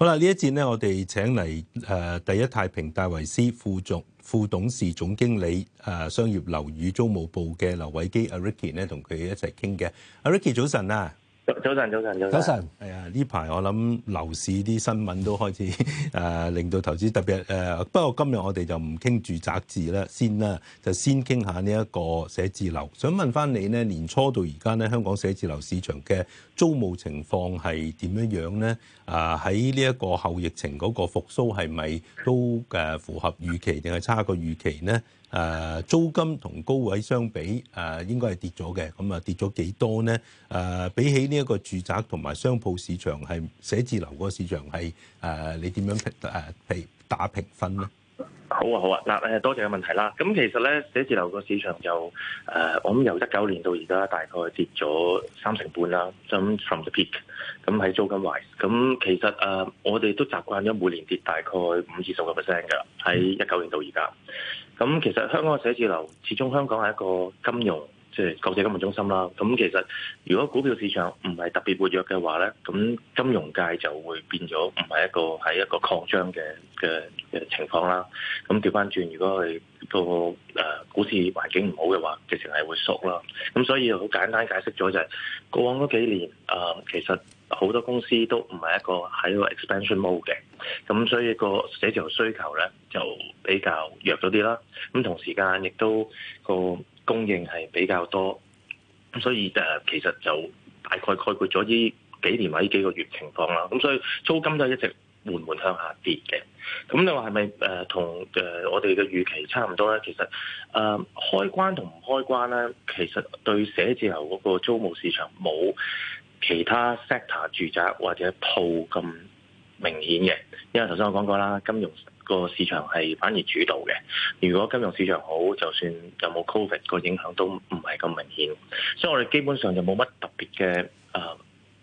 好啦，呢一節咧，我哋請嚟誒第一太平戴維斯副總副董事總經理誒、呃、商業樓宇租務部嘅劉偉基阿 Ricky 咧，同、啊、佢一齊傾嘅。阿、啊、Ricky 早晨啊！早晨，早晨，早晨。早晨，係啊！呢排我諗樓市啲新聞都開始，誒、啊，令到投資特別誒、啊。不過今日我哋就唔傾住宅字啦，先啦，就先傾下呢一個寫字樓。想問翻你呢，年初到而家呢，香港寫字樓市場嘅租務情況係點樣樣咧？啊，喺呢一個後疫情嗰個復甦係咪都誒符合預期，定係差過預期咧？誒、啊、租金同高位相比，誒、啊、應該係跌咗嘅。咁啊跌咗幾多呢？誒、啊、比起呢一個住宅同埋商鋪市場係寫字樓嗰個市場係、啊、你點樣、啊、打評分呢？好啊好啊，嗱誒、啊、多謝嘅問題啦。咁其實咧寫字樓個市場就誒、呃，我諗由一九年到而家大概跌咗三成半啦。咁 from the peak，咁喺租金 wise，咁其實誒、呃、我哋都習慣咗每年跌大概五至十個 percent 㗎啦，喺一九年到而家。咁其實香港嘅寫字樓，始終香港係一個金融，即係國際金融中心啦。咁其實如果股票市場唔係特別活躍嘅話咧，咁金融界就會變咗唔係一個喺一個擴張嘅嘅嘅情況啦。咁調翻轉，如果係個股市環境唔好嘅話，直情係會縮啦。咁所以好簡單解釋咗就係過往嗰幾年，呃，其實。好多公司都唔係一個喺個 expansion mode 嘅，咁所以個寫字樓需求咧就比較弱咗啲啦。咁同時間亦都個供應係比較多，咁所以誒其實就大概概括咗呢幾年或者呢幾個月情況啦。咁所以租金都係一直緩緩向下跌嘅。咁你話係咪誒同誒我哋嘅預期差唔多咧？其實誒、呃、開關同唔開關咧，其實對寫字樓嗰個租務市場冇。其他 sector 住宅或者鋪咁明顯嘅，因為頭先我講過啦，金融個市場係反而主導嘅。如果金融市場好，就算有冇 Covid 個影響都唔係咁明顯，所以我哋基本上就冇乜特別嘅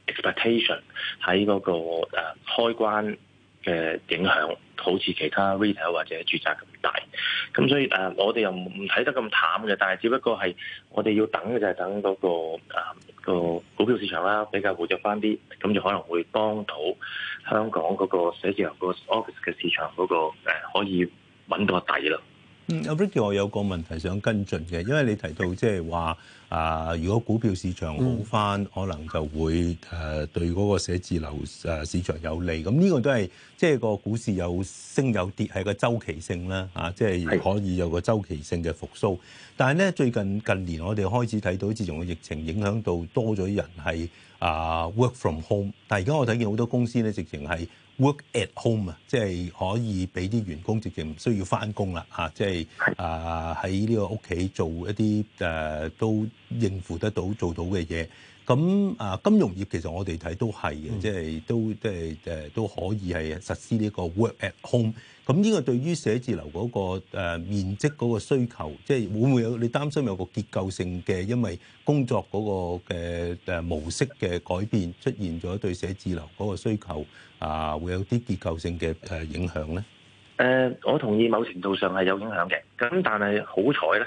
expectation 喺嗰個誒開關。嘅影響好似其他 retail 或者住宅咁大，咁所以誒、啊，我哋又唔睇得咁淡嘅，但係只不過係我哋要等嘅就係等嗰、那個誒、啊那個、股票市場啦，比較活躍翻啲，咁就可能會幫到香港嗰個寫字樓個 office 嘅市場嗰、那個、啊、可以揾到個底咯。阿 Ricky 我有個問題想跟進嘅，因為你提到即係話啊，如果股票市場好返，嗯、可能就會誒對嗰個寫字樓市場有利。咁呢個都係即係個股市有升有跌，係個周期性啦，嚇，即係可以有個周期性嘅復甦。但係咧最近近年我哋開始睇到，自從個疫情影響到多咗啲人係啊 work from home，但係而家我睇見好多公司咧直情係。Work at home 啊，即係可以俾啲員工直接唔需要返工啦，嚇，即係啊喺呢個屋企做一啲誒都應付得到做到嘅嘢。咁啊，金融業其實我哋睇都係嘅，即係都即係誒都可以係實施呢個 work at home。咁呢個對於寫字樓嗰個誒面積嗰個需求，即係會唔會有你擔心有個結構性嘅，因為工作嗰個嘅誒模式嘅改變，出現咗對寫字樓嗰個需求啊，會有啲結構性嘅誒影響咧？誒，我同意某程度上係有影響嘅。咁但係好彩咧，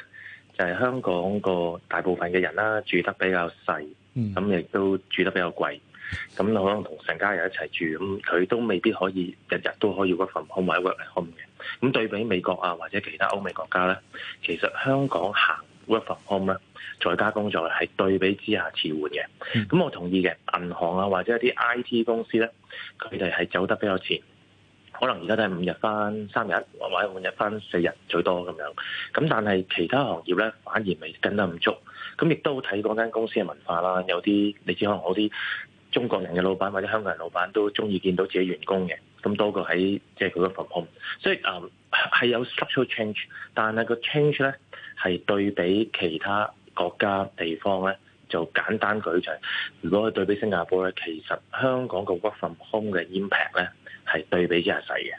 就係香港個大部分嘅人啦，住得比較細。咁亦都住得比較貴，咁可能同成家人一齊住，咁佢都未必可以日日都可以 work from home 或者 work at home 嘅。咁對比美國啊或者其他歐美國家咧，其實香港行 work from home 咧，在家工作係對比之下遲緩嘅。咁我同意嘅，銀行啊或者一啲 I T 公司咧，佢哋係走得比較前，可能而家都係五日翻三日，或者五日翻四日最多咁樣。咁但係其他行業咧反而未跟得唔足。咁亦都睇嗰間公司嘅文化啦，有啲你知可能我啲中國人嘅老闆或者香港人老闆都中意見到自己員工嘅，咁多過喺即係佢 work from home 所以誒係、um, 有 subtle change，但係個 change 咧係對比其他國家地方咧就簡單舉例，如果係對比新加坡咧，其實香港個 work from home 嘅 impact 咧係對比之下細嘅。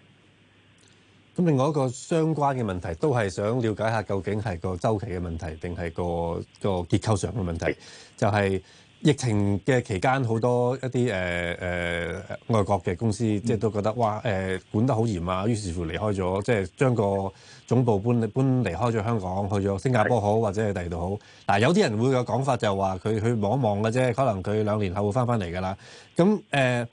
咁另外一個相關嘅問題都係想了解下究竟係個周期嘅問題定係個個結構上嘅問題，是就係疫情嘅期間好多一啲誒誒外國嘅公司，即係都覺得哇誒、呃、管得好嚴啊，於是乎離開咗，即係將個總部搬搬離開咗香港，去咗新加坡好，或者係第二度好。嗱，有啲人會有講法就係話佢佢去望一望嘅啫，可能佢兩年後會翻翻嚟㗎啦。咁誒。呃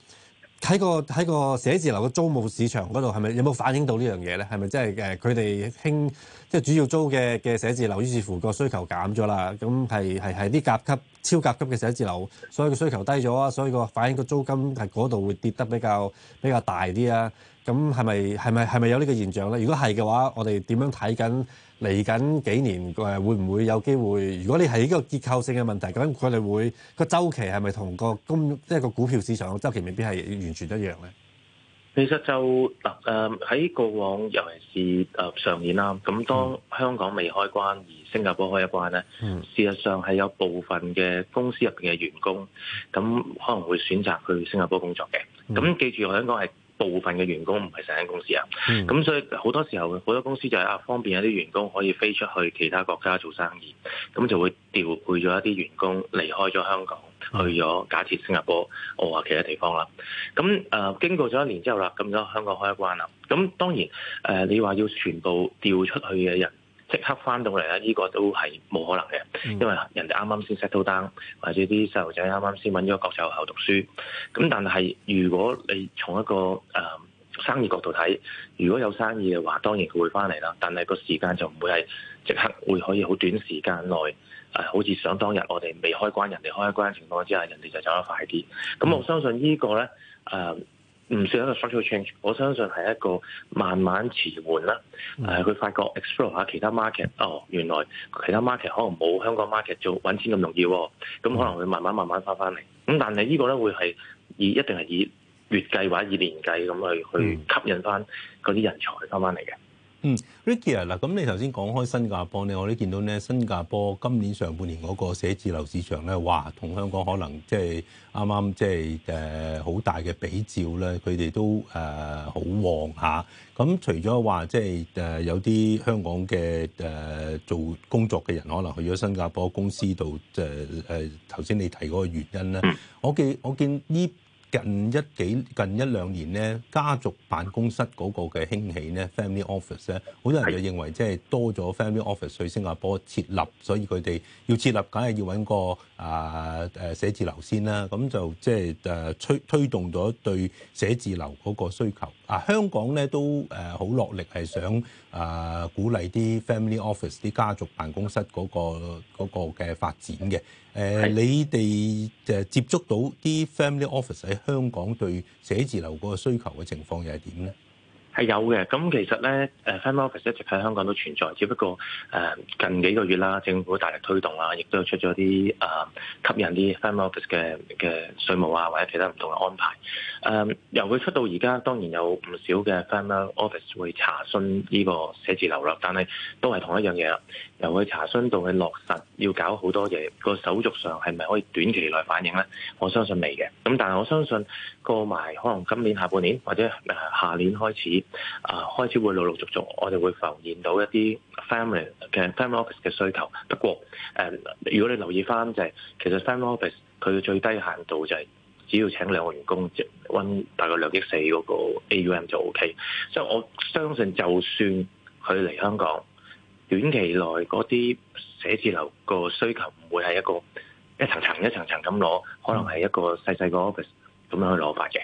喺個喺個寫字樓嘅租務市場嗰度，係咪有冇反映到呢樣嘢呢？係咪即係誒佢哋興即係主要租嘅嘅寫字樓，於是乎個需求減咗啦？咁係係係啲甲級，超甲級嘅寫字樓，所以個需求低咗啊，所以個反映個租金喺嗰度會跌得比較比較大啲啊。咁係咪係咪係咪有呢個現象咧？如果係嘅話，我哋點樣睇緊嚟緊幾年誒？會唔會有機會？如果你係呢個結構性嘅問題，咁佢哋會個周期係咪同個金即係個股票市場嘅周期未必係完全一樣咧？其實就誒喺、呃、過往，尤其是、呃、上年啦，咁當香港未開關而新加坡開一關咧，嗯、事實上係有部分嘅公司入面嘅員工，咁可能會選擇去新加坡工作嘅。咁記住我是，我香港係。部分嘅員工唔係成間公司啊，咁、嗯、所以好多時候好多公司就係啊方便一啲員工可以飛出去其他國家做生意，咁就會調配咗一啲員工離開咗香港，去咗假設新加坡、外國其他地方啦。咁啊、呃、經過咗一年之後啦，咁就香港開關啦。咁當然誒、呃，你話要全部調出去嘅人，即刻翻到嚟呢呢個都係冇可能嘅，因為人哋啱啱先 settle down，或者啲細路仔啱啱先揾咗個國際學校讀書。咁但係如果你從一個誒、呃、生意角度睇，如果有生意嘅話，當然佢會翻嚟啦。但係個時間就唔會係即刻會可以好短時間內、呃、好似想當日我哋未開關，人哋開關情況之下，人哋就走得快啲。咁我相信呢個呢。誒、呃。唔算一個 structural change，我相信係一個慢慢遲緩啦。誒、呃，佢發覺 explore 下其他 market，哦，原來其他 market 可能冇香港 market 做搵錢咁容易，咁可能會慢慢慢慢翻翻嚟。咁但係呢個咧，會係以一定係以月計或者以年計咁去去吸引翻嗰啲人才翻翻嚟嘅。嗯，Ricky 啊，嗱，咁你頭先講開新加坡咧，你我都見到咧，新加坡今年上半年嗰個寫字樓市場咧，話同香港可能即係啱啱即係誒好大嘅比照咧，佢哋都誒好、呃、旺嚇。咁、啊、除咗話即係誒有啲香港嘅誒、呃、做工作嘅人可能去咗新加坡公司度，即係誒頭先你提嗰個原因咧、嗯，我見我見呢。近一幾近一兩年咧，家族辦公室嗰個嘅興起咧，family office 咧，好多人就認為即係多咗 family office 去新加坡設立，所以佢哋要設立梗係要搵個啊誒寫字樓先啦，咁就即係誒推推動咗對寫字樓嗰個需求。啊，香港咧都誒好落力係想啊、呃、鼓勵啲 family office 啲家族辦公室嗰、那個嗰個嗰嘅、嗰個、發展嘅。誒、呃，的你哋就接觸到啲 family office 喺香港對寫字樓嗰個需求嘅情況又係點咧？係有嘅，咁其實咧，誒 family office 一直喺香港都存在，只不過誒近幾個月啦，政府大力推動啊，亦都出咗啲誒吸引啲 family office 嘅嘅稅務啊，或者其他唔同嘅安排。誒、呃、由佢出到而家，當然有唔少嘅 family office 會查詢呢個寫字樓啦，但係都係同一樣嘢啦。由佢查詢到佢落實，要搞好多嘢，個手續上係咪可以短期內反映咧？我相信未嘅。咁但係我相信過埋可能今年下半年或者下年開始。啊，開始會陸陸續續，我哋會浮現到一啲 family 嘅 family office 嘅需求。不過，誒，如果你留意翻就係，其實 family office 佢嘅最低限度就係只要請兩個員工，即揾大概兩億四嗰個 AUM 就 OK。所以我相信，就算佢嚟香港，短期內嗰啲寫字樓個需求唔會係一個一層層、一層層咁攞，可能係一個細細個 office 咁樣去攞法嘅。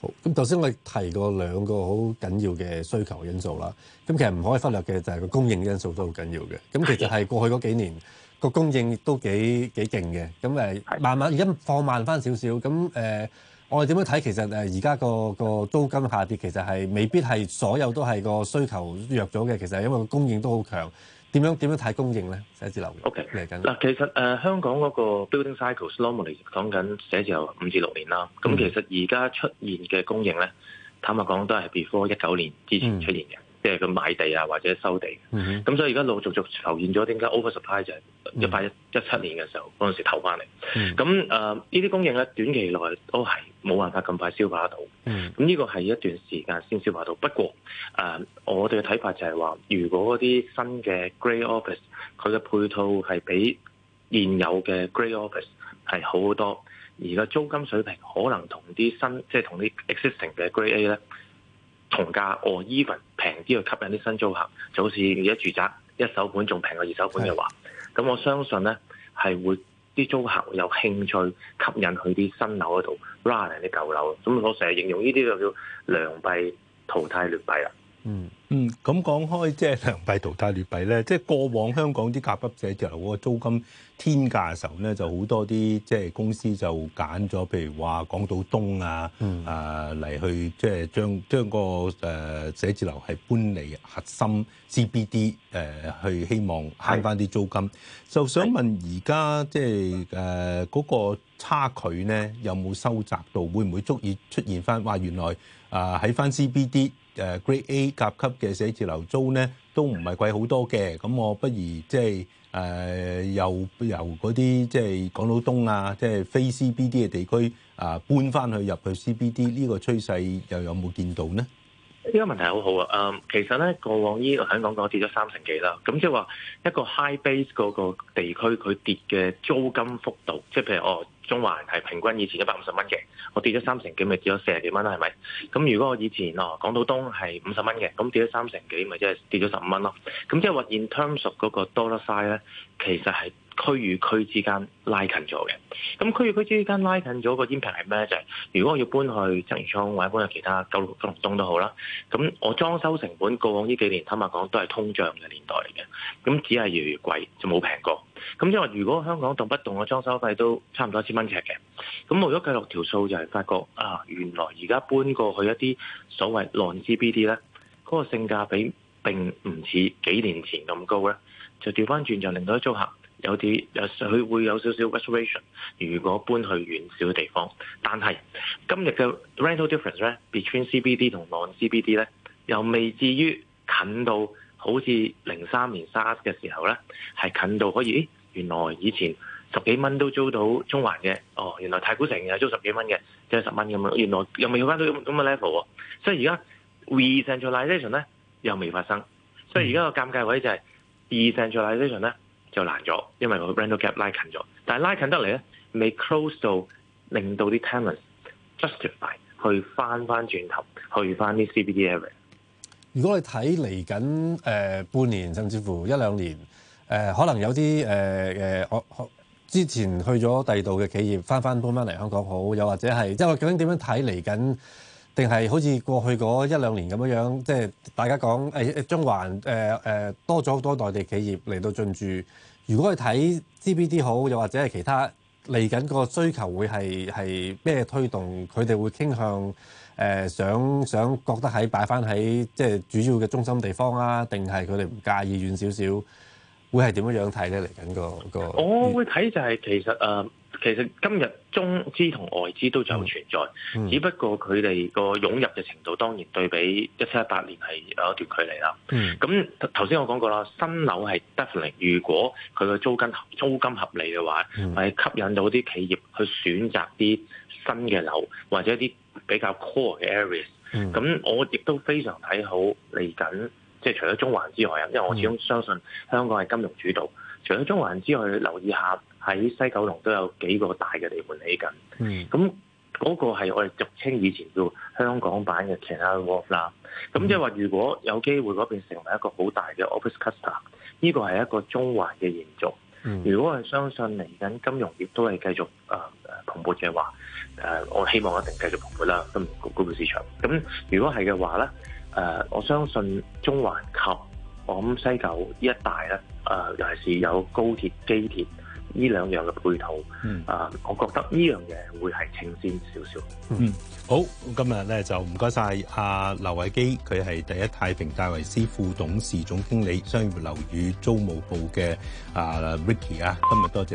好，咁頭先我哋提過兩個好緊要嘅需求因素啦，咁其實唔可以忽略嘅就係個供應嘅因素都好緊要嘅，咁其實係過去嗰幾年個供應都幾幾勁嘅，咁誒慢慢而家放慢翻少少，咁誒我哋點樣睇其實誒而家個個租金下跌其實係未必係所有都係個需求弱咗嘅，其實係因為個供應都好強。點樣點樣睇供應咧？寫字樓 OK 嚟緊嗱，其實誒、呃、香港嗰個 building cycles normally 講緊寫字樓五至六年啦。咁、嗯、其實而家出現嘅供應咧，坦白講都係 before 一九年之前出現嘅，嗯、即係佢買地啊或者收地。咁、嗯、所以而家陸續續浮現咗點解 over supply 就係、是？一八一七年嘅時候，嗰陣時投翻嚟，咁誒呢啲供應咧，短期內都係冇辦法咁快消化得到。咁呢、mm. 個係一段時間先消化到。不過、呃、我哋嘅睇法就係話，如果啲新嘅 grade office 佢嘅配套係比現有嘅 grade office 係好好多，而個租金水平可能同啲新即係同啲 existing 嘅 grade A 咧同價哦 even 平啲去吸引啲新租客，就好似而家住宅一手盤仲平過二手盤嘅話。咁我相信咧，係會啲租客會有興趣吸引去啲新樓嗰度拉人啲舊樓，咁我成日形容呢啲就叫良幣淘汰劣幣啦。嗯、mm. 嗯，咁、嗯、講開即係良幣淘汰劣幣咧，即、就、係、是、過往香港啲甲級寫字樓嗰個租金天價嘅時候咧，就好多啲即係公司就揀咗，譬如話港島東啊，mm. 啊嚟去即係、就是、將將個誒、呃、寫字樓係搬離核心 CBD 誒、呃，去希望慳翻啲租金。Mm. 就想問而家即係誒嗰個差距咧，有冇收窄到？會唔會足以出現翻？話，原來啊喺翻 CBD。呃誒 Grade A 甲級嘅寫字樓租咧都唔係貴好多嘅，咁我不如即係誒由由嗰啲即係港島東啊，即係非 CBD 嘅地區啊、呃、搬翻去入去 CBD 呢個趨勢又有冇見到呢？呢個問題好好啊，誒、嗯、其實咧過往呢個香港港跌咗三成幾啦，咁即係話一個 high base 嗰個地區佢跌嘅租金幅度，即係譬如我。哦中環係平均以前一百五十蚊嘅，我跌咗三成幾，咪跌咗四十幾蚊啦，係咪？咁如果我以前哦，港島東係五十蚊嘅，咁跌咗三成幾，咪即係跌咗十五蚊咯。咁即係話 in terms 嗰個 dollar size 咧，其實係。區與區之間拉近咗嘅，咁區與區之間拉近咗個點平係咩咧？就係如果我要搬去鰂魚涌或者搬去其他九龍、九龍東都好啦，咁我裝修成本過往呢幾年坦白講都係通脹嘅年代嚟嘅，咁只係越嚟越貴，就冇平過。咁因為如果香港動不動嘅裝修費都差唔多一千蚊尺嘅，咁無咗計六條數就係發覺啊，原來而家搬過去一啲所謂 non-CBD 咧，嗰個性價比並唔似幾年前咁高咧，就調翻轉就令到啲租客。有啲有佢會有少少 restoration 如果搬去遠少啲地方。但係今日嘅 rental difference 咧，between CBD 同 non-CBD 咧，又未至於近到好似零三年 SARS 嘅時候咧，係近到可以，原來以前十幾蚊都租到中環嘅，哦，原來太古城又租十幾蚊嘅，即係十蚊咁樣，原來又未去翻到咁嘅 level 喎。所以而家 recentralization 咧又未發生，所以而家個尷尬位就係 recentralization 咧。就難咗，因為個 rental gap 拉近咗，但係拉近得嚟咧，未 close 到令到啲 tenants justify 去翻翻轉頭，去翻啲 CBD area。如果你睇嚟緊誒半年，甚至乎一兩年誒、呃，可能有啲誒誒，我、呃、之前去咗第二度嘅企業，翻翻搬翻嚟香港好，又或者係即、就是、我究竟點樣睇嚟緊？定係好似過去嗰一兩年咁樣樣，即係大家講誒中環誒誒、呃、多咗好多內地企業嚟到進駐。如果係睇 CBD 好，又或者係其他，嚟緊個需求會係係咩推動佢哋，會傾向誒、呃、想想覺得喺擺翻喺即係主要嘅中心地方啊，定係佢哋唔介意遠少少？會係點樣樣睇咧？嚟緊、那個個我會睇就係其實誒、呃，其實今日中資同外資都有存在，嗯、只不過佢哋個湧入嘅程度，當然對比一七一八年係有一段距離啦。咁頭先我講過啦，新樓係 definitely，如果佢嘅租金租金合理嘅話，係、嗯、吸引到啲企業去選擇啲新嘅樓或者一啲比較 core 嘅 areas。咁、嗯、我亦都非常睇好嚟緊。即係除咗中環之外，因為我始終相信香港係金融主導。Mm. 除咗中環之外，留意下喺西九龍都有幾個大嘅地盤起緊。咁嗰、mm. 嗰個係我哋俗稱以前叫香港版嘅 Canary Wharf。咁即係話，如果有機會嗰邊成為一個好大嘅 office cluster，呢個係一個中環嘅延續。Mm. 如果我係相信嚟緊金融業都係繼續誒、呃、蓬勃嘅話，誒、呃、我希望一定繼續蓬勃啦。咁、個市場，咁如果係嘅話咧。誒、呃，我相信中環及我諗西九呢一帶咧，誒、呃、尤其是有高鐵、機鐵呢兩樣嘅配套，誒、嗯呃，我覺得呢樣嘢會係稱鮮少少。嗯，好，今日咧就唔該晒阿劉偉基，佢係第一太平戴維斯副董事總經理、商業樓宇租務部嘅啊 Ricky 啊，今日多謝。